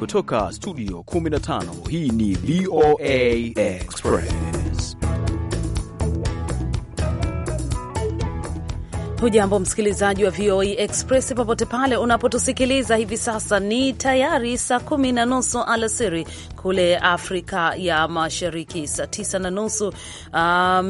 kutoka studio 15 hii ni VOA Express. Hujambo msikilizaji wa VOA Express popote pale unapotusikiliza hivi sasa. Ni tayari saa kumi na nusu alasiri kule Afrika ya Mashariki, saa tisa na nusu uh,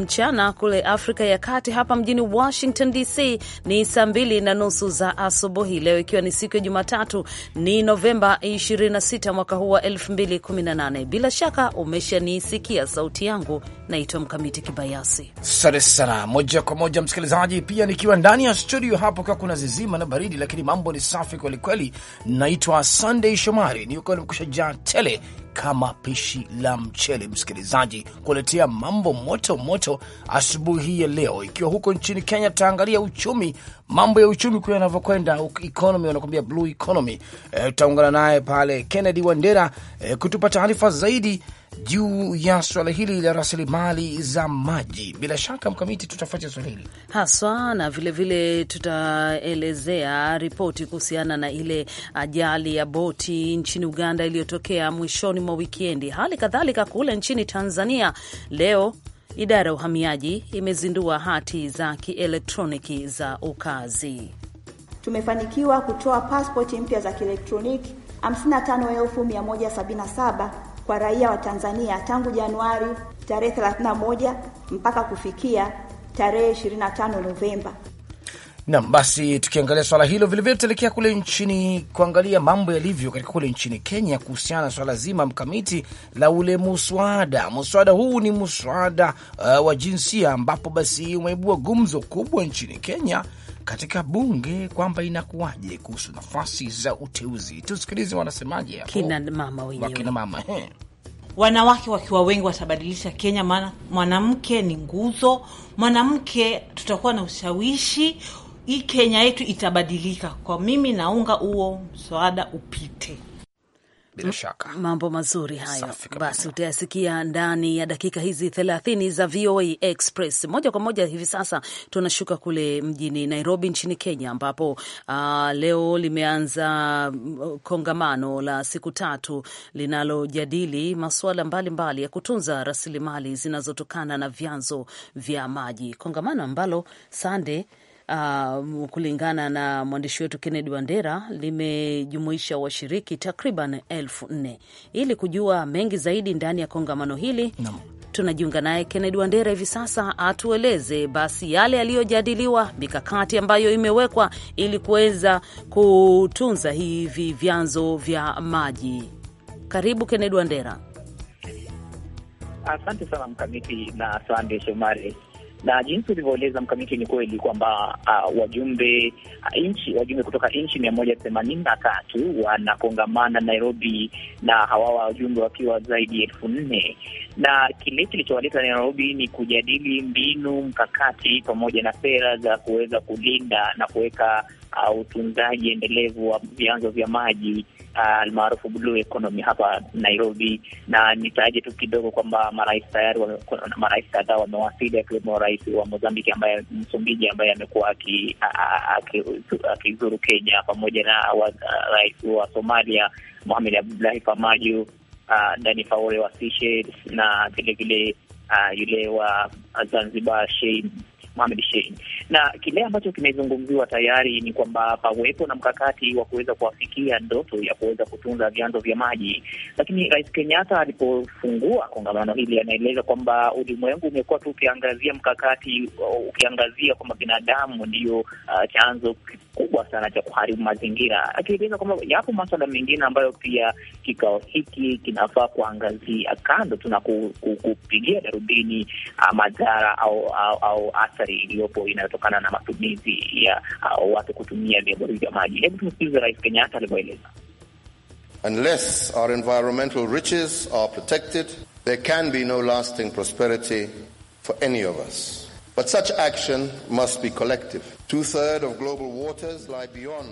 mchana um, kule Afrika ya Kati. Hapa mjini Washington DC ni saa mbili na nusu za asubuhi, leo ikiwa ni siku ya Jumatatu, ni Novemba 26 mwaka huu wa 2018. Bila shaka umeshanisikia sauti yangu, naitwa Mkamiti Kibayasi. Asante sana, moja kwa moja msikilizaji, pia nikiwa ndani ya studio hapo, kwa kuna zizima na baridi, lakini mambo ni safi kwelikweli. Naitwa Sunday Shomari, niko nimekusha jaa tele kama pishi la mchele. Msikilizaji, kuletea mambo moto moto asubuhi ya leo, ikiwa huko nchini Kenya, tutaangalia uchumi, mambo ya uchumi kule yanavyokwenda, economy wanakuambia blue economy. Eh, tutaungana e, naye pale Kennedy Wandera e, kutupa taarifa zaidi juu ya swala hili la rasilimali za maji. Bila shaka Mkamiti, tutafuatia swala hili haswa na vilevile tutaelezea ripoti kuhusiana na ile ajali ya boti nchini Uganda iliyotokea mwishoni mwa wikendi. Hali kadhalika kule nchini Tanzania leo idara ya uhamiaji imezindua hati za kielektroniki za ukazi. Tumefanikiwa kutoa paspoti mpya za kielektroniki 55177 kwa raia wa Tanzania tangu Januari tarehe 31 mpaka kufikia tarehe 25 Novemba. Naam, basi tukiangalia swala hilo vilevile, tutaelekea kule nchini kuangalia mambo yalivyo katika kule nchini Kenya kuhusiana na swala zima mkamiti la ule muswada. Muswada huu ni muswada uh, wa jinsia, ambapo basi umeibua gumzo kubwa nchini Kenya katika bunge kwamba inakuwaje kuhusu nafasi za uteuzi. Tusikilize wanasemaje wakina mama Wanawake wakiwa wengi watabadilisha Kenya, maana mwanamke ni nguzo. Mwanamke tutakuwa na ushawishi, hii Kenya yetu itabadilika. Kwa mimi naunga huo mswada upite bila shaka mambo mazuri hayo. Basi utayasikia ndani ya dakika hizi thelathini za VOA Express. Moja kwa moja hivi sasa tunashuka kule mjini Nairobi nchini Kenya, ambapo uh, leo limeanza mm, kongamano la siku tatu linalojadili masuala mbalimbali ya kutunza rasilimali zinazotokana na vyanzo vya maji, kongamano ambalo sande uh, kulingana na mwandishi wetu Kennedy Wandera, limejumuisha washiriki takriban elfu nne. Ili kujua mengi zaidi ndani ya kongamano hili no. Tunajiunga naye Kennedy Wandera hivi sasa, atueleze basi yale yaliyojadiliwa, mikakati ambayo imewekwa ili kuweza kutunza hivi vyanzo vya maji. Karibu Kennedy Wandera. Asante sana Mkamiti na Sande Shomari na jinsi ulivyoeleza mkamiti, ni kweli kwamba uh, wajumbe uh, ah, nchi wajumbe kutoka nchi mia moja themanini na tatu wanakongamana Nairobi, na hawa wajumbe wakiwa zaidi ya elfu nne na kile kilichowaleta Nairobi ni kujadili mbinu, mkakati pamoja na sera za kuweza kulinda na kuweka uh, utunzaji endelevu wa vyanzo vya maji Uh, almaarufu blue economy hapa Nairobi, na nitaje tu kidogo kwamba marais tayari marais kadhaa wamewasili, akiwemo rais wa Mozambiki ambaye Msumbiji ambaye amekuwa akizuru Kenya, pamoja na rais wa Somalia Mohamed Abdullahi Farmajo, Dani Faure wa Seychelles na vilevile yule wa Zanzibar Sheikh Mohamed Shein, na kile ambacho kimezungumziwa tayari ni kwamba pawepo na mkakati wa kuweza kuwafikia ndoto ya kuweza kutunza vyanzo vya maji. Lakini Rais Kenyatta alipofungua kongamano hili, anaeleza kwamba ulimwengu umekuwa tu ukiangazia mkakati, ukiangazia kwamba binadamu ndiyo uh, chanzo kubwa sana cha kuharibu mazingira, akieleza kwamba yapo maswala mengine ambayo pia kikao hiki kinafaa kuangazia kando tu na kupigia darubini uh, madhara au, au, au athari iliyopo inayotokana na matumizi ya uh, watu kutumia vyombo hivi vya maji. Hebu tumsikilize Rais Kenyatta alivyoeleza. Unless our environmental riches are protected, there can be no lasting prosperity for any of us. But such action must be collective. Two-thirds of global waters lie beyond.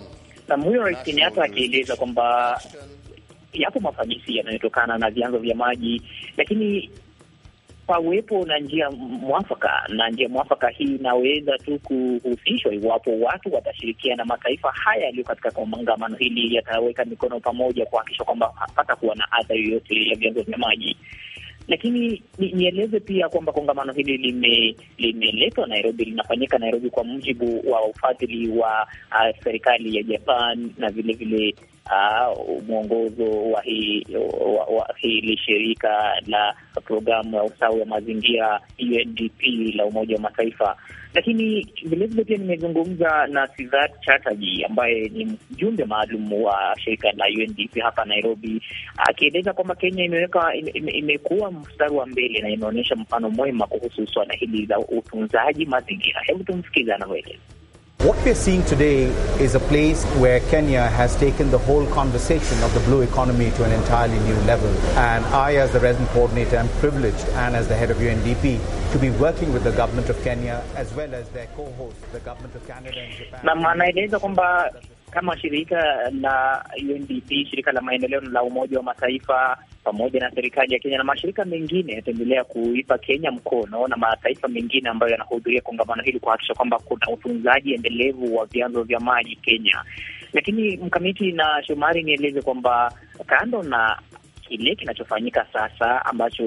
Huyo Rais Kenyatta akieleza kwamba yapo mafanisi yanayotokana na vyanzo vya maji, lakini pawepo na njia mwafaka, na njia mwafaka hii inaweza tu kuhusishwa iwapo watu watashirikiana. Mataifa haya yaliyo katika kongamano hili yataweka mikono pamoja kuhakikisha kwamba hapatakuwa na adha yoyote ya vyanzo vya maji. Lakini nieleze pia kwamba kongamano hili limeletwa lime Nairobi, linafanyika Nairobi kwa mujibu wa ufadhili wa uh, serikali ya Japan na vilevile Uh, mwongozo wa hili wa, wa hi shirika la programu ya usawi wa mazingira UNDP la Umoja wa Mataifa. Lakini vilevile pia nimezungumza na Sidhat Chataji ambaye ni mjumbe maalum wa shirika la UNDP hapa Nairobi, akieleza kwamba Kenya imeweka ime, mstari wa mbele na imeonyesha mfano mwema kuhusu swala hili la utunzaji mazingira. Hebu tumsikize anavyoeleza. What we're seeing today is a place where Kenya has taken the whole conversation of the blue economy to an entirely new level. And I, as the resident coordinator, am privileged and as the head of UNDP to be working with the government of Kenya as well as their co-host, the government of Canada and Japan. kama shirika la UNDP, shirika la maendeleo la Umoja wa Mataifa pamoja na serikali ya Kenya na mashirika mengine yataendelea kuipa Kenya mkono na mataifa mengine ambayo yanahudhuria kongamano hili kuhakikisha kwamba kuna utunzaji endelevu wa vyanzo vya maji Kenya. Lakini mkamiti na Shomari, nieleze kwamba kando na kile kinachofanyika sasa ambacho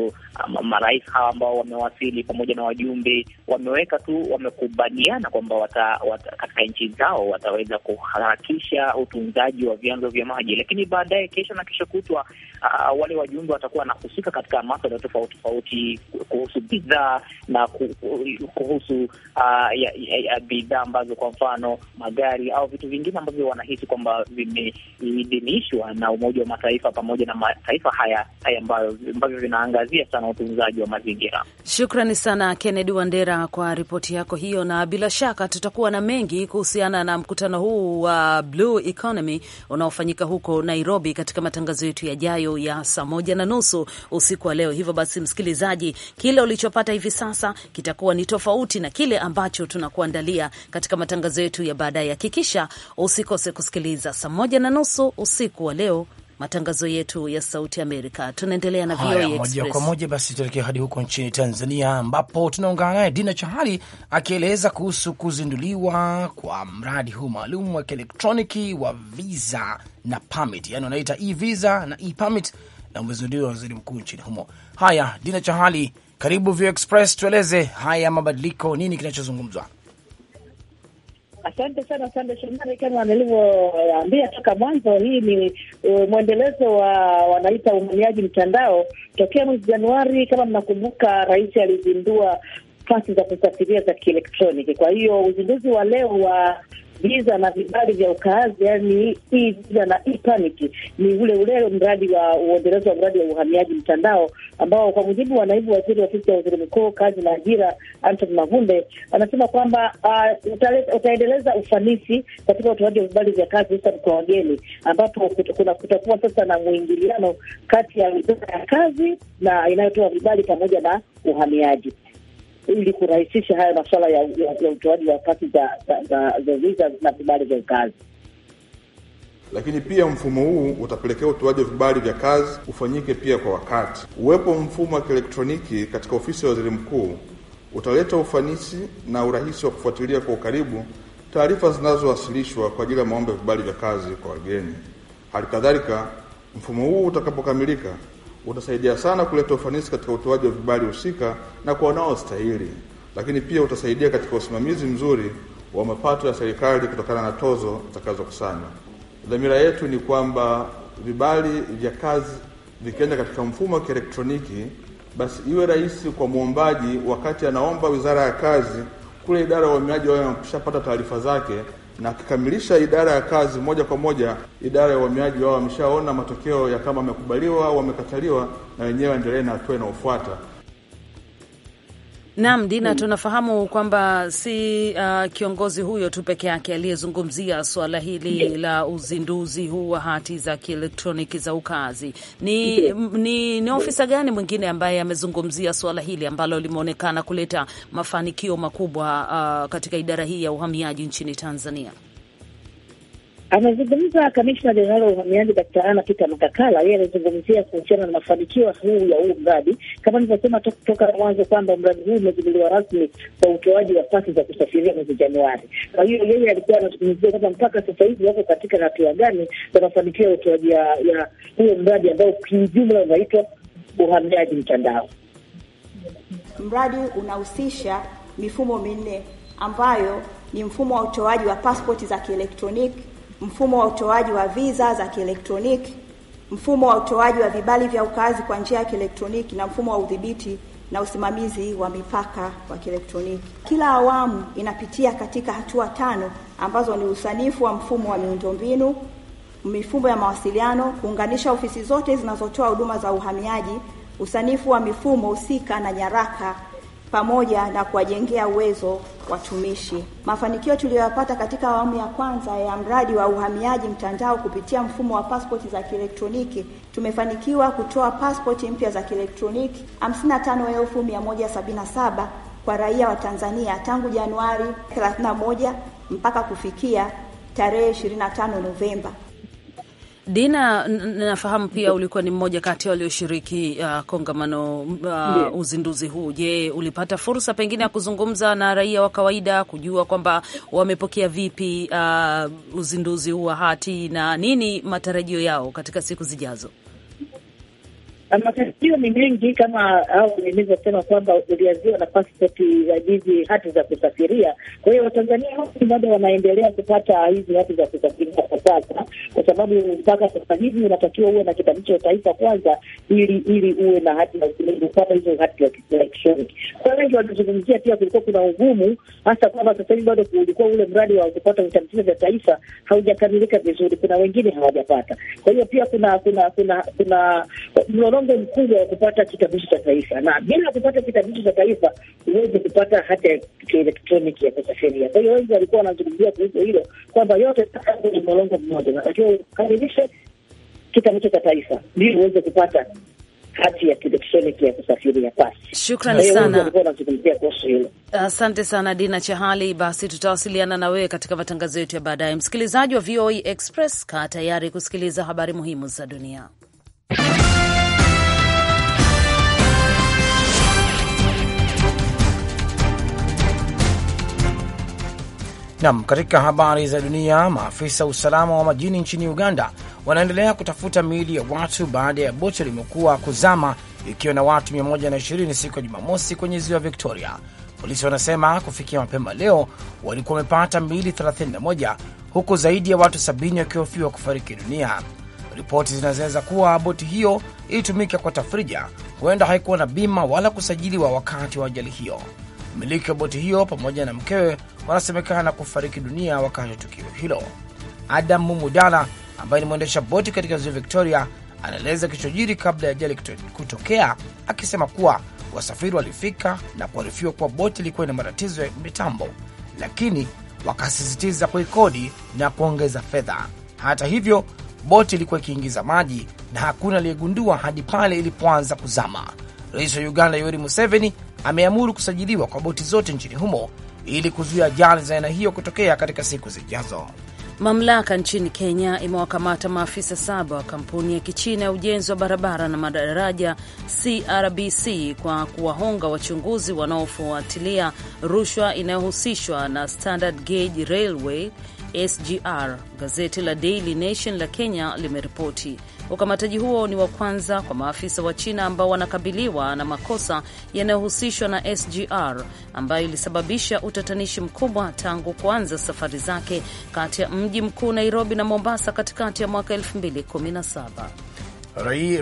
um, marais hawa ambao wamewasili pamoja na wajumbe wameweka tu, wamekubaliana kwamba wata, wata, katika nchi zao wataweza kuharakisha utunzaji wa vyanzo vya maji, lakini baadaye kesho na kesho kutwa uh, wale wajumbe watakuwa wanahusika katika maswala tofauti tofauti kuhusu bidhaa na kuhusu uh, ya, ya, ya bidhaa ambazo kwa mfano magari au vitu vingine ambavyo wanahisi kwamba vimeidhinishwa na Umoja wa Mataifa pamoja na mataifa haya haya ambavyo vinaangazia sana utunzaji wa mazingira. Shukrani sana Kennedy Wandera kwa ripoti yako hiyo, na bila shaka tutakuwa na mengi kuhusiana na mkutano huu wa Blue Economy unaofanyika huko Nairobi katika matangazo yetu yajayo ya saa moja na nusu usiku wa leo. Hivyo basi, msikilizaji, kile ulichopata hivi sasa kitakuwa ni tofauti na kile ambacho tunakuandalia katika matangazo yetu ya baadaye. Hakikisha usikose kusikiliza saa moja na nusu usiku wa leo matangazo yetu ya Sauti Amerika. Tunaendelea na VOA Express moja kwa moja. Basi tuelekee hadi huko nchini Tanzania, ambapo tunaungana naye Dina Chahali akieleza kuhusu kuzinduliwa kwa mradi huu maalum wa kielektroniki wa visa na permit, yaani wanaita e-visa na e-permit, na umezinduliwa waziri mkuu nchini humo. Haya, Dina Chahali, karibu VOA Express, tueleze haya mabadiliko, nini kinachozungumzwa? Asante sana Sande Shomari, kama nilivyoambia toka mwanzo, hii ni uh, mwendelezo wa wanaita umaniaji mtandao. Tokea mwezi Januari, kama mnakumbuka, rais alizindua pasi za kusafiria za kielektroniki. Kwa hiyo uzinduzi wa leo wa uh, viza na vibali vya ukaazi, yani hii viza na e-permit ni ule ule mradi wa uendelezo wa mradi wa uhamiaji mtandao, ambao kwa mujibu wa naibu waziri ofisi ya waziri mkuu kazi na ajira Anton Mavunde anasema kwamba uh, utaendeleza ufanisi katika utoaji wa vibali vya kazi hasa kwa wageni, ambapo kuna kutakuwa sasa na mwingiliano kati ya wizara ya kazi na inayotoa vibali pamoja na uhamiaji ili kurahisisha haya masuala ya, ya, ya utoaji wa pasi za visa na vibali vya kazi. Lakini pia mfumo huu utapelekea utoaji wa vibali vya kazi ufanyike pia kwa wakati. Uwepo mfumo wa kielektroniki katika ofisi ya waziri mkuu utaleta ufanisi na urahisi wa kufuatilia kwa ukaribu taarifa zinazowasilishwa kwa ajili ya maombi ya vibali vya kazi kwa wageni. halikadhalika mfumo huu utakapokamilika utasaidia sana kuleta ufanisi katika utoaji wa vibali husika na kwa wanaostahili, lakini pia utasaidia katika usimamizi mzuri wa mapato ya serikali kutokana na tozo zitakazokusanywa. Dhamira yetu ni kwamba vibali vya kazi vikienda katika mfumo wa kielektroniki, basi iwe rahisi kwa mwombaji wakati anaomba Wizara ya Kazi kule idara ya uhamiaji wao wameshapata taarifa zake na akikamilisha idara ya kazi moja kwa moja, idara ya uhamiaji wao wameshaona matokeo ya kama wamekubaliwa au wamekataliwa, na wenyewe aendelee na hatua inaofuata. Naam, Dina, tunafahamu kwamba si uh, kiongozi huyo tu peke yake aliyezungumzia suala hili la uzinduzi huu wa hati za kielektroniki za ukazi. Ni, ni, ni ofisa gani mwingine ambaye amezungumzia suala hili ambalo limeonekana kuleta mafanikio makubwa uh, katika idara hii ya uhamiaji nchini Tanzania? Amezungumza kamishna jenerali wa uhamiaji Daktari Ana Peter Makakala. Yeye alizungumzia kuhusiana na mafanikio huu ya huu mradi, kama nilivyosema toka mwanzo kwamba mradi huu umezinduliwa rasmi kwa utoaji wa pasi za kusafiria mwezi Januari. Kwa hiyo yeye alikuwa anazungumzia kwamba mpaka sasa hivi wako katika hatua gani za mafanikio ya utoaji ya huo mradi ambao kiujumla unaitwa uhamiaji mtandao. Mradi unahusisha mifumo minne ambayo ni mfumo wa utoaji wa paspoti za kielektroniki mfumo wa utoaji wa viza za kielektroniki, mfumo wa utoaji wa vibali vya ukazi kwa njia ya kielektroniki na mfumo wa udhibiti na usimamizi wa mipaka wa kielektroniki. Kila awamu inapitia katika hatua tano ambazo ni usanifu wa mfumo wa miundombinu, mifumo ya mawasiliano, kuunganisha ofisi zote zinazotoa huduma za uhamiaji, usanifu wa mifumo husika na nyaraka pamoja na kuwajengea uwezo watumishi. Mafanikio tuliyoyapata katika awamu ya kwanza ya mradi wa uhamiaji mtandao kupitia mfumo wa pasipoti za kielektroniki, tumefanikiwa kutoa pasipoti mpya za kielektroniki 55,177 kwa raia wa Tanzania tangu Januari 31 mpaka kufikia tarehe 25 Novemba. Dina, nafahamu pia ulikuwa ni mmoja kati ya walioshiriki uh, kongamano uh, uzinduzi huu. Je, ulipata fursa pengine ya kuzungumza na raia wa kawaida kujua kwamba wamepokea vipi uh, uzinduzi huu wa hati na nini matarajio yao katika siku zijazo? Ah, mafanikio ni mengi kama au nilivyosema kwamba uliaziwa na pasipoti za jiji, hati za kusafiria. Kwa hiyo Watanzania wengi bado wanaendelea kupata hizi hati za kusafiria kwa sasa, kwa sababu mpaka sasa hivi unatakiwa uwe na kitambulisho cha taifa kwanza, ili ili uwe na hati ya kupata hizo hati za kielektroniki. Kwa wengi walizungumzia pia, kulikuwa kuna ugumu hasa kwamba sasa hivi bado kulikuwa ule mradi wa kupata vitambulisho vya taifa haujakamilika vizuri, kuna wengine hawajapata. Kwa hiyo pia kuna kuna kuna kuna kuna mchongo mkubwa wa kupata kitambulisho cha taifa, na bila kupata kitambulisho cha taifa huwezi kupata hata kielektroniki ya kusafiria. Kwa hiyo wengi walikuwa wanazungumzia kuhusu hilo kwamba yote ni mlolongo mmoja, natakiwa ukamilishe kitambulisho cha taifa ndio uweze kupata hati ya kielektroniki ya kusafiria pasi. Shukrani sana, asante sana Dina Chahali. Basi tutawasiliana na wewe katika matangazo yetu ya baadaye. Msikilizaji wa VOA e Express, kaa tayari kusikiliza habari muhimu za dunia. Nam, katika habari za dunia, maafisa usalama wa majini nchini Uganda wanaendelea kutafuta miili ya watu baada ya boti limekuwa kuzama ikiwa na watu 120 siku ya Jumamosi kwenye ziwa Victoria. Polisi wanasema kufikia mapema leo walikuwa wamepata miili 31 huku zaidi ya watu 70 wakihofiwa kufariki dunia. Ripoti zinazoweza kuwa boti hiyo ilitumika kwa tafrija, huenda haikuwa na bima wala kusajiliwa wakati wa ajali hiyo. Mmiliki wa boti hiyo pamoja na mkewe wanasemekana kufariki dunia wakati wa tukio hilo. Adam Mumudala ambaye ni mwendesha boti katika ziwa Victoria anaeleza kilichojiri kabla ya ajali kutokea, akisema kuwa wasafiri walifika na kuarifiwa kuwa boti ilikuwa ina matatizo ya mitambo, lakini wakasisitiza kuikodi na kuongeza fedha. Hata hivyo, boti ilikuwa ikiingiza maji na hakuna aliyegundua hadi pale ilipoanza kuzama. Rais wa Uganda Yoweri Museveni ameamuru kusajiliwa kwa boti zote nchini humo ili kuzuia ajali za aina hiyo kutokea katika siku zijazo. Mamlaka nchini Kenya imewakamata maafisa saba wa kampuni ya Kichina ya ujenzi wa barabara na madaraja CRBC kwa kuwahonga wachunguzi wanaofuatilia rushwa inayohusishwa na Standard Gauge Railway SGR. Gazeti la Daily Nation la Kenya limeripoti Ukamataji huo ni wa kwanza kwa maafisa wa China ambao wanakabiliwa na makosa yanayohusishwa na SGR ambayo ilisababisha utatanishi mkubwa tangu kuanza safari zake kati ya mji mkuu Nairobi na Mombasa katikati ya mwaka 2017.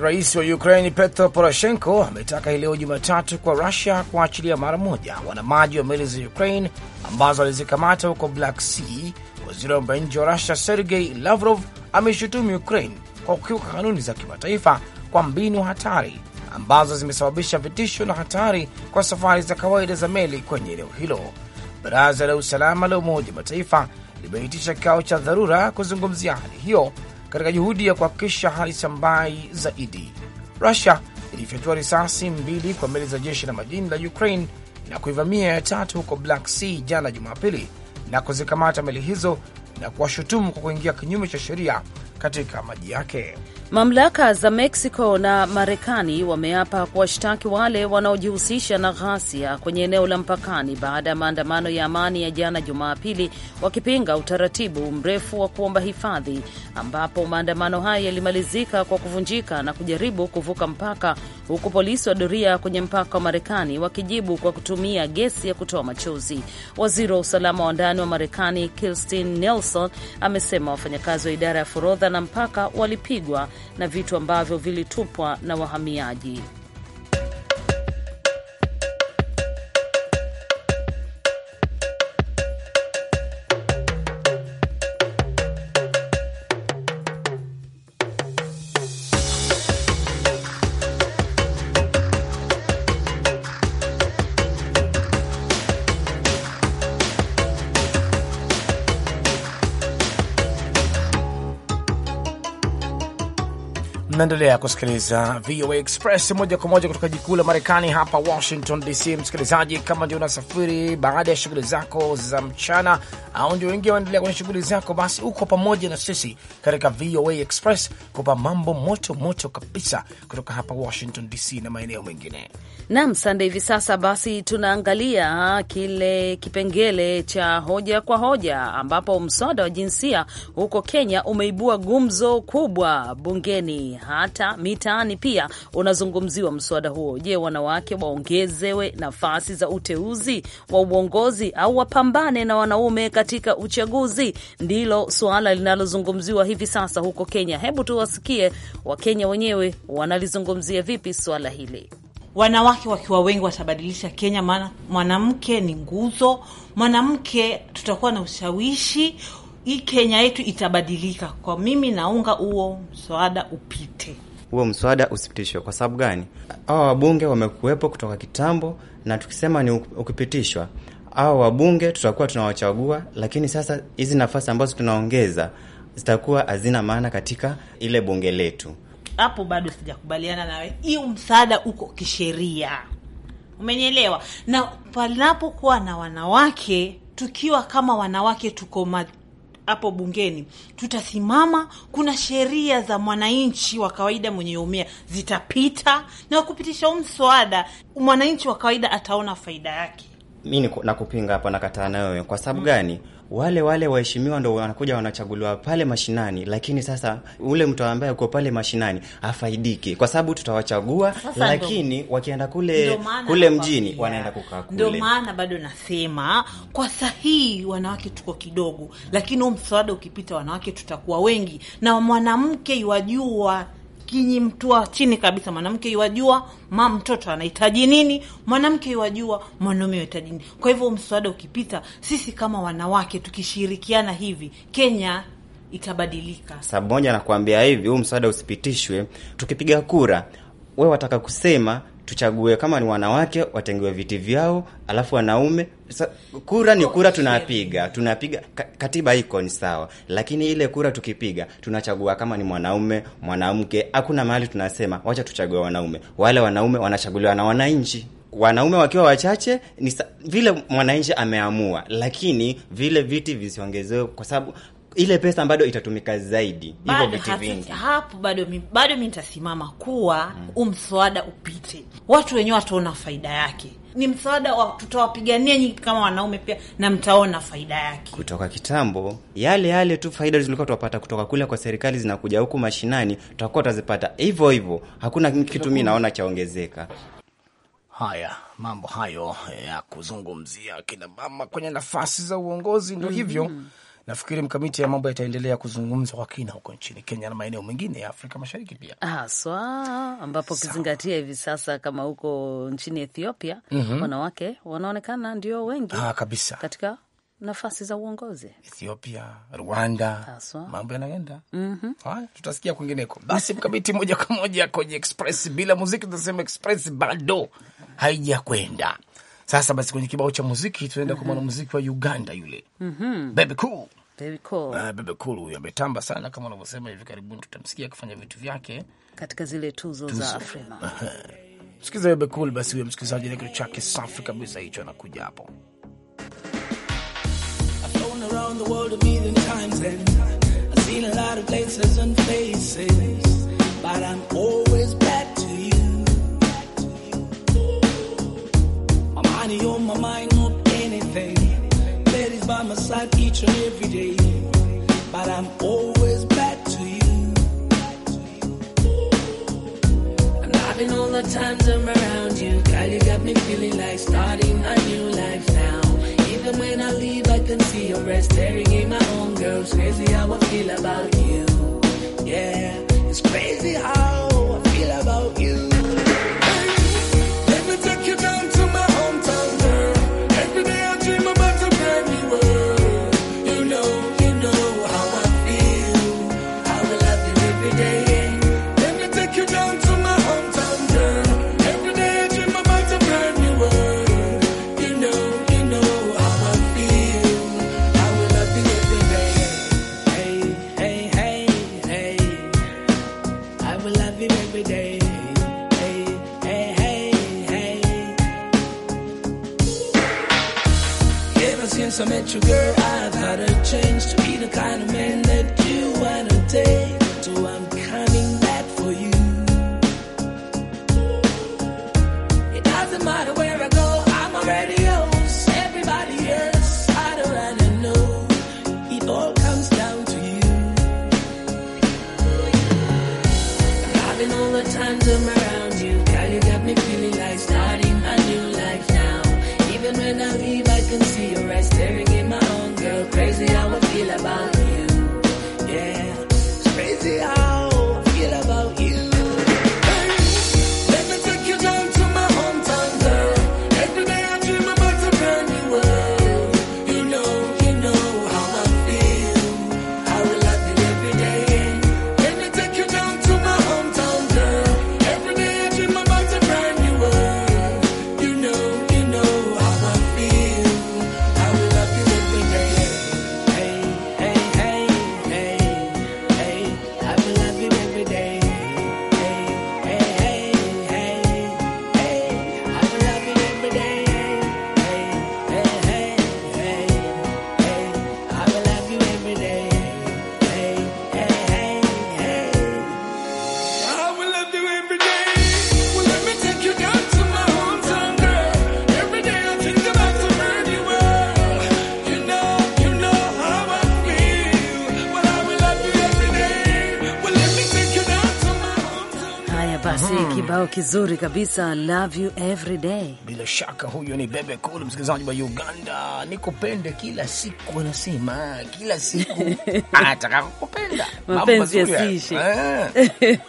Rais wa Ukraini Petro Poroshenko ametaka hii leo Jumatatu kwa Rusia kuachilia mara moja wanamaji wa meli za Ukraine ambazo alizikamata huko Black Sea. Waziri wa mambo ya nje wa Rusia Sergei Lavrov ameshutumu Ukraine kwa kukiuka kanuni za kimataifa kwa mbinu hatari ambazo zimesababisha vitisho na hatari kwa safari za kawaida za meli kwenye eneo hilo. Baraza la usalama la Umoja Mataifa limeitisha kikao cha dharura kuzungumzia hali hiyo katika juhudi ya kuhakikisha hali sambai zaidi. Rusia ilifyatua risasi mbili kwa meli za jeshi la majini la Ukraine na kuivamia ya tatu huko Black Sea jana Jumapili na kuzikamata meli hizo na kuwashutumu kwa kuingia kinyume cha sheria katika maji yake. Mamlaka za Meksiko na Marekani wameapa kuwashtaki wale wanaojihusisha na ghasia kwenye eneo la mpakani baada ya maandamano ya amani ya jana Jumapili, wakipinga utaratibu mrefu wa kuomba hifadhi, ambapo maandamano hayo yalimalizika kwa kuvunjika na kujaribu kuvuka mpaka, huku polisi wa doria kwenye mpaka wa Marekani wakijibu kwa kutumia gesi ya kutoa machozi. Waziri wa usalama wa ndani wa Marekani Kirsten Nelson amesema wafanyakazi wa idara ya forodha na mpaka walipigwa na vitu ambavyo vilitupwa na wahamiaji. Tunaendelea kusikiliza VOA Express moja kwa moja kutoka jikuu la Marekani hapa Washington DC. Msikilizaji, kama ndio unasafiri baada ya shughuli zako za mchana, au ndio wengi waendelea kwenye shughuli zako, basi uko pamoja na sisi katika VOA Express kupa mambo moto moto kabisa kutoka hapa Washington DC na maeneo mengine. Naam, Sande, hivi sasa basi tunaangalia kile kipengele cha hoja kwa hoja, ambapo mswada wa jinsia huko Kenya umeibua gumzo kubwa bungeni hata mitaani pia unazungumziwa mswada huo. Je, wanawake waongezewe nafasi za uteuzi wa uongozi au wapambane na wanaume katika uchaguzi? Ndilo suala linalozungumziwa hivi sasa huko Kenya. Hebu tuwasikie Wakenya wenyewe wanalizungumzia vipi suala hili. Wanawake wakiwa wengi watabadilisha Kenya, maana mwanamke ni nguzo. Mwanamke tutakuwa na ushawishi hii Kenya yetu itabadilika. Kwa mimi naunga huo mswada upite, huo mswada usipitishwe. Kwa sababu gani? Hawa wabunge wamekuwepo kutoka kitambo, na tukisema ni ukipitishwa hawa wabunge tutakuwa tunawachagua, lakini sasa hizi nafasi ambazo tunaongeza zitakuwa hazina maana katika ile bunge letu. Hapo bado sijakubaliana nawe, hiyo msaada uko kisheria, umenielewa? Na panapokuwa na wanawake tukiwa kama wanawake tuko hapo bungeni, tutasimama. Kuna sheria za mwananchi wa kawaida mwenye umia zitapita, na kupitisha huu mswada, mwananchi wa kawaida ataona faida yake. Mi nakupinga hapa, nakataa nawewe. Kwa sababu gani? wale wale waheshimiwa ndo wanakuja wanachaguliwa pale mashinani, lakini sasa ule mtu ambaye uko pale mashinani afaidike, kwa sababu tutawachagua sasa, lakini wakienda kule kule mjini wanaenda kukaa kule. Ndio maana bado nasema kwa sahihi, wanawake tuko kidogo, lakini huu mswada ukipita, wanawake tutakuwa wengi na mwanamke iwajua wa chini kabisa, mwanamke iwajua ma mtoto anahitaji nini, mwanamke iwajua mwanaume anahitaji nini. Kwa hivyo mswada ukipita, sisi kama wanawake tukishirikiana hivi, Kenya itabadilika. Sababu moja nakuambia hivi, huu mswada usipitishwe, tukipiga kura, we wataka kusema tuchague kama ni wanawake watengewe viti vyao, alafu wanaume sa, kura ni kura, tunapiga tunapiga, katiba iko ni sawa, lakini ile kura tukipiga tunachagua kama ni mwanaume mwanamke, hakuna mahali tunasema wacha tuchague wanaume. Wale wanaume wanachaguliwa na wananchi wanaume wakiwa wachache ni vile mwananchi ameamua, lakini vile viti visiongezewe, kwa sababu ile pesa bado itatumika zaidi hivyo vitu vingi hapo. Bado bado mi nitasimama kuwa mm. umswada upite, watu wenyewe wataona faida yake. Ni wa tutawapigania nyinyi kama wanaume pia, na mtaona faida yake. Kutoka kitambo, yale yale tu faida tulikuwa tuwapata kutoka kule kwa serikali zinakuja huku mashinani, tutakuwa tutazipata hivyo hivyo. Hakuna kitu mi naona chaongezeka. Haya, mambo hayo ya kuzungumzia kina mama kwenye nafasi za uongozi ndo mhm. hivyo mm -hmm nafikiri mkamiti ya mambo yataendelea kuzungumzwa kwa kina huko nchini Kenya na maeneo mengine ya Afrika Mashariki pia haswa, ambapo ukizingatia hivi sasa kama huko nchini Ethiopia mm -hmm. wanawake wanaonekana ndio wengi ha, ah, kabisa katika nafasi za uongozi Ethiopia, Rwanda, mambo yanaenda mm -hmm. Haya, tutasikia kwingineko. Basi mkamiti moja kwa moja kwenye Express. Bila muziki tunasema Express bado haijakwenda. Sasa basi kwenye kibao cha muziki tunaenda mhm. kwa mwanamuziki wa Uganda yule mhm. Bebe Cool. Bebe Cool. Ah, Bebe Cool huyu ametamba sana kama unavyosema, hivi karibuni tutamsikia akifanya vitu vyake katika zile tuzo, tuzo za Afrika. Msikiza Bebe Cool basi huyo msikilizaji, na kitu chake safi kabisa hicho anakuja hapo. I've by my side each and every day, but I'm always back to you. And I've been all the times I'm around you, girl, you got me feeling like starting a new life now. Even when I leave, I can see your red staring in my own girls. Crazy how I feel about you. Yeah, it's crazy how I feel about you. Basi mm -hmm. Kibao kizuri kabisa love you every day. Bila shaka huyo ni Bebe Cool, msikilizaji wa Uganda, nikupende kila siku, anasema kila siku anataka kukupenda, mapenzi yasiishe. Eh.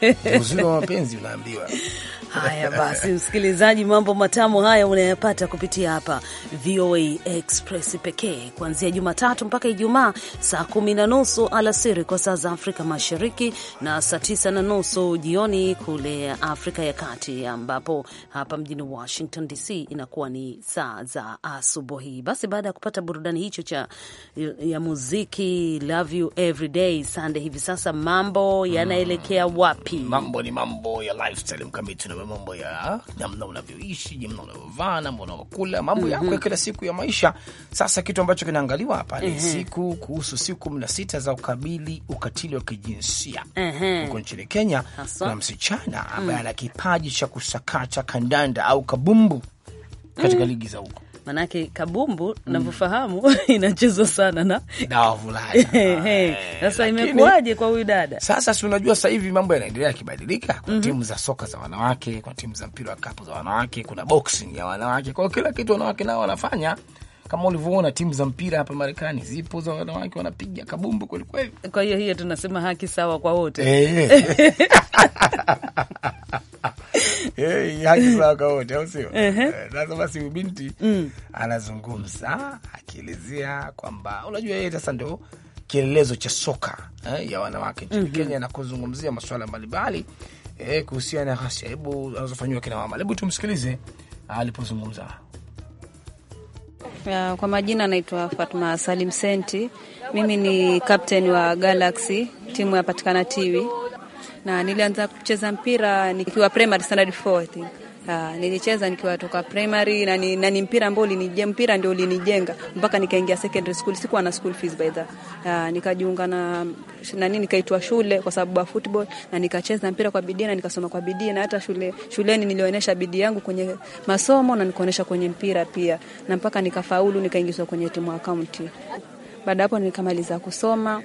Uzuri wa mapenzi unaambiwa Haya basi, msikilizaji, mambo matamu haya unayapata kupitia hapa VOA Express pekee kuanzia Jumatatu mpaka Ijumaa saa kumi na nusu alasiri kwa saa za Afrika Mashariki na saa tisa na nusu jioni kule Afrika ya Kati, ambapo hapa mjini Washington DC inakuwa ni saa za asubuhi. Basi baada ya kupata burudani hicho cha ya muziki Love You Everyday Sande, hivi sasa mambo yanaelekea wapi? Mambo ni mambo ya lifestyle mkamiti na mambo ya namna unavyoishi, namna unavyovaa, namna unavyokula, mambo mm -hmm. yako ya mhm. kila siku ya maisha. Sasa kitu ambacho kinaangaliwa hapa ni mm -hmm. siku kuhusu siku kumi na sita za ukabili ukatili wa kijinsia mm -hmm. nchini Kenya na msichana ambaye mm. ana kipaji cha kusakata kandanda au kabumbu katika mm. ligi za huko Manake kabumbu mm. navyofahamu inachezwa sana na wavulana eh, sasa. Imekuwaje kwa huyu dada sasa? Si unajua sasa hivi mambo yanaendelea yakibadilika. kwa mm -hmm. timu za soka za wanawake, kwa timu za mpira wa kapu za wanawake, kuna boxing ya wanawake, kwao kila kitu wanawake nao wanafanya kama ulivyoona timu za mpira hapa Marekani zipo za wanawake, wanapiga kabumbu kwelikweli Kwa hiyo hiyo tunasema haki sawa kwa wote. Eh. Yaani hey, eh, Sasa basi binti mm. anazungumza akielezea kwamba unajua yeye sasa ndo kielelezo cha soka eh, ya wanawake nchini mm -hmm. Kenya na kuzungumzia masuala mbalimbali eh, kuhusiana na ghasia hebu anazofanyiwa kina mama. Hebu tumsikilize alipozungumza. Kwa majina naitwa Fatma Salim Senti, mimi ni captain wa Galaxy, timu ya Patikana TV na nilianza kucheza mpira nikiwa primary standard 4 I think. Ha, ah, nilicheza nikiwa toka primary na ni, na ni mpira ambao ulinijenga mpira ndio ulinijenga mpaka nikaingia secondary school. Sikuwa na school fees by the ah, nikajiunga na nani, nikaitwa shule kwa sababu ya football na nikacheza mpira kwa bidii na nikasoma kwa bidii, na hata shule shuleni nilionyesha bidii yangu kwenye masomo na nikaonyesha kwenye mpira pia, na mpaka nikafaulu nikaingizwa kwenye timu ya county. Baada hapo nikamaliza kusoma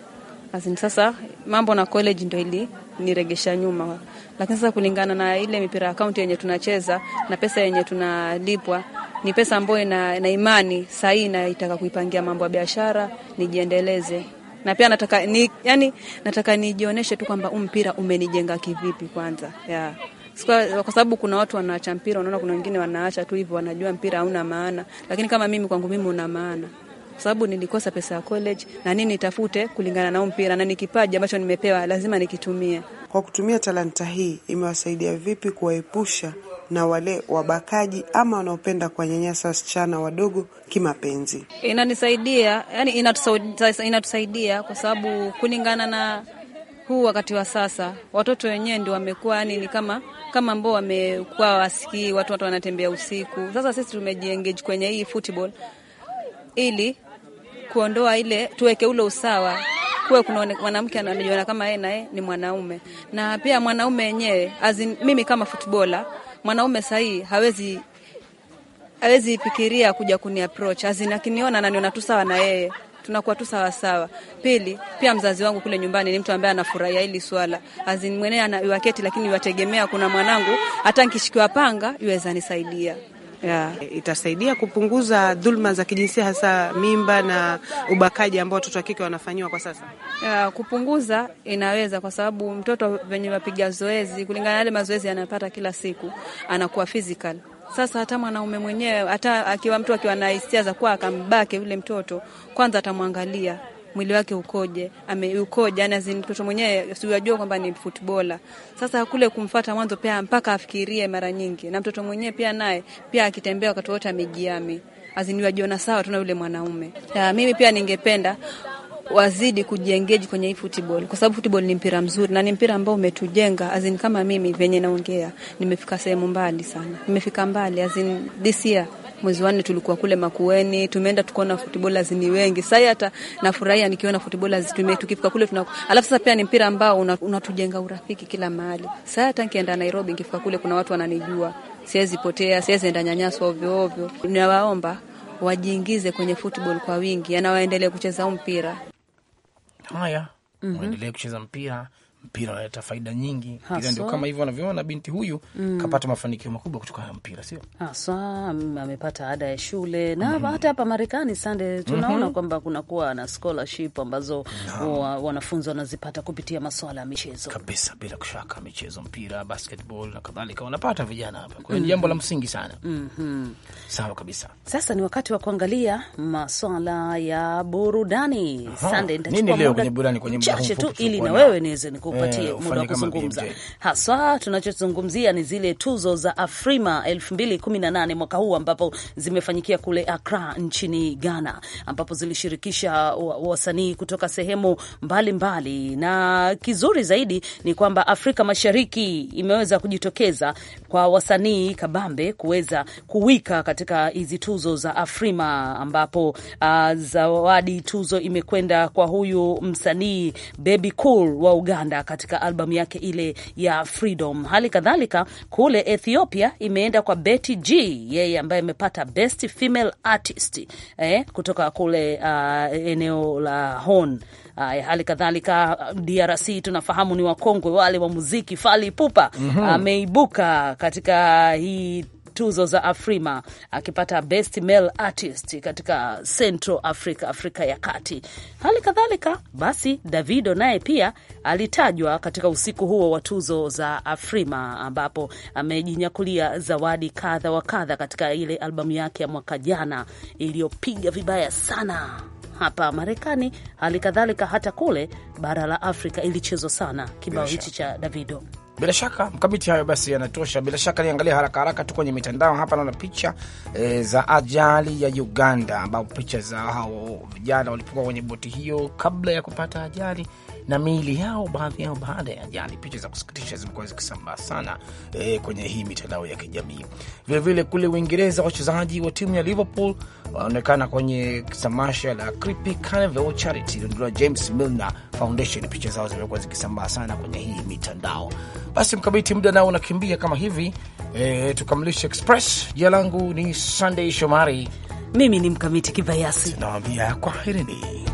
Azim, sasa mambo na college ndio ili niregesha nyuma, lakini sasa kulingana na ile mipira ya yenye tunacheza na pesa yenye tunalipwa ni pesa ambayo na, na imani sahihi naitaka kuipangia mambo ya biashara nijiendeleze, na pia nataka ni, yani, nataka nijioneshe tu kwamba huu mpira umenijenga kivipi kwanza yeah. Kwa sababu kuna watu wanaacha mpira, unaona kuna wengine wanaacha tu hivyo, wanajua mpira hauna maana, lakini kama mimi kwangu mimi una maana kwa sababu nilikosa pesa ya college, na nini nitafute kulingana na mpira, na ni kipaji ambacho nimepewa, lazima nikitumie. Kwa kutumia talanta hii, imewasaidia vipi kuwaepusha na wale wabakaji ama wanaopenda kuwanyanyasa wasichana wadogo kimapenzi? Inanisaidia, yani inatusaidia, inatusaidia kwa sababu kulingana na huu wakati wa sasa watoto wenyewe ndio wamekuwa yani ni kama kama ambao wamekuwa wasikii watu, watu wanatembea usiku. Sasa sisi tumejiengage kwenye hii football ili kuondoa ile, tuweke ule usawa kuwe kuna mwanamke anajiona kama yeye naye ni mwanaume, na pia mwanaume yenyewe azin, mimi kama futbola mwanaume sahii hawezi hawezi fikiria kuja kuni approach azin, akiniona ananiona tu sawa na yeye tunakuwa tu sawa sawa. Pili, pia mzazi wangu kule nyumbani ni mtu ambaye anafurahia hili swala, azin mwenyewe anawaketi, lakini wategemea kuna mwanangu hata nikishikiwa panga iweza nisaidia yeah. Itasaidia kupunguza dhulma za kijinsia hasa mimba na ubakaji ambao watoto wa kike wanafanyiwa kwa sasa. Yeah, kupunguza inaweza kwa sababu mtoto venye wapiga zoezi kulingana na yale mazoezi anayopata kila siku anakuwa physical sasa hata mwanaume mwenyewe hata akiwa mtu akiwa na hisia za kuwa akambake yule mtoto, kwanza atamwangalia mwili wake ukoje, ame ukoje, ana zini mtoto mwenyewe si usijua kwamba ni footballer. Sasa kule kumfuata mwanzo pia mpaka afikirie mara nyingi, na mtoto mwenyewe pia naye pia akitembea wakati wote amejiami, aziniwajiona sawa tuna yule mwanaume. Ya, mimi pia ningependa wazidi kujiengage kwenye hii football kwa sababu football ni mpira mzuri na ni mpira ambao umetujenga. Azin kama mimi venye naongea, nimefika sehemu mbali sana, nimefika mbali azin this year mwezi wa nne tulikuwa kule Makueni, tumeenda tukaona footballers ni wengi. Sasa hata nafurahia nikiona footballers tume tukifika kule tuna alafu sasa pia ni mpira ambao unatujenga una urafiki kila mahali. Sasa hata nikienda Nairobi nikifika kule kuna watu wananijua, siwezi potea, siwezi enda nyanyaswa ovyo ovyo. Ninawaomba wajiingize kwenye football kwa wingi, na waendelee kucheza mpira. Haya, mm -hmm. waendelee kucheza mpira mpira unaleta faida nyingi, mpira ndio kama hivyo wanavyoona. Binti huyu mm. kapata mafanikio makubwa kutoka na mpira, sio haswa, mm, amepata ada ya shule na mm hata hapa Marekani sande tunaona mm -hmm. kwamba kunakuwa na scholarship ambazo no. wa, wanafunzi wanazipata kupitia maswala ya michezo kabisa, bila kushaka michezo, mpira, basketball na kadhalika, wanapata vijana hapa. Kwa hiyo ni mm. jambo la msingi sana mm -hmm. sawa kabisa. Sasa ni wakati wa kuangalia maswala ya burudani. Sande, nitachukua muda chache tu ili na wewe niweze niku tupatie eh, muda wa kuzungumza haswa. Tunachozungumzia ni zile tuzo za Afrima 2018 mwaka huu ambapo zimefanyikia kule Akra nchini Ghana, ambapo zilishirikisha wasanii kutoka sehemu mbalimbali mbali. Na kizuri zaidi ni kwamba Afrika Mashariki imeweza kujitokeza kwa wasanii kabambe kuweza kuwika katika hizi tuzo za Afrima ambapo uh, zawadi tuzo imekwenda kwa huyu msanii Baby Cool wa Uganda katika albamu yake ile ya Freedom. Hali kadhalika kule Ethiopia imeenda kwa Betty G, yeye ambaye amepata best female artist eh, kutoka kule uh, eneo la Hon. Haya, hali kadhalika uh, DRC tunafahamu ni wakongwe wale wa muziki fali pupa mm -hmm. ameibuka katika hii tuzo za Afrima akipata best male artist katika Central Africa, Afrika ya Kati. Hali kadhalika basi, Davido naye pia alitajwa katika usiku huo wa tuzo za Afrima ambapo amejinyakulia zawadi kadha wa kadha katika ile albamu yake ya mwaka jana iliyopiga vibaya sana hapa Marekani, hali kadhalika hata kule bara la Afrika ilichezwa sana kibao hichi cha Davido. Bila shaka mkamiti, hayo basi yanatosha. Bila shaka niangalia haraka haraka tu kwenye mitandao hapa, naona picha e, za ajali ya Uganda, ambapo picha za hao vijana walipokuwa kwenye boti hiyo kabla ya kupata ajali na miili yao, baadhi yao baada ya ajali. Picha za kusikitisha zimekuwa zikisambaa sana e, kwenye hii mitandao ya kijamii. Vilevile kule Uingereza, wachezaji wa timu ya Liverpool wanaonekana kwenye tamasha la Creepy Carnival Charity iliyoundwa James Milner Foundation. Picha zao zimekuwa zikisambaa sana kwenye hii mitandao. Basi mkabiti, muda nao unakimbia kama hivi e, tukamilishe Express. Jina langu ni Sunday Shomari, mimi ni mkamiti kibayasi, nawambia kwaherini.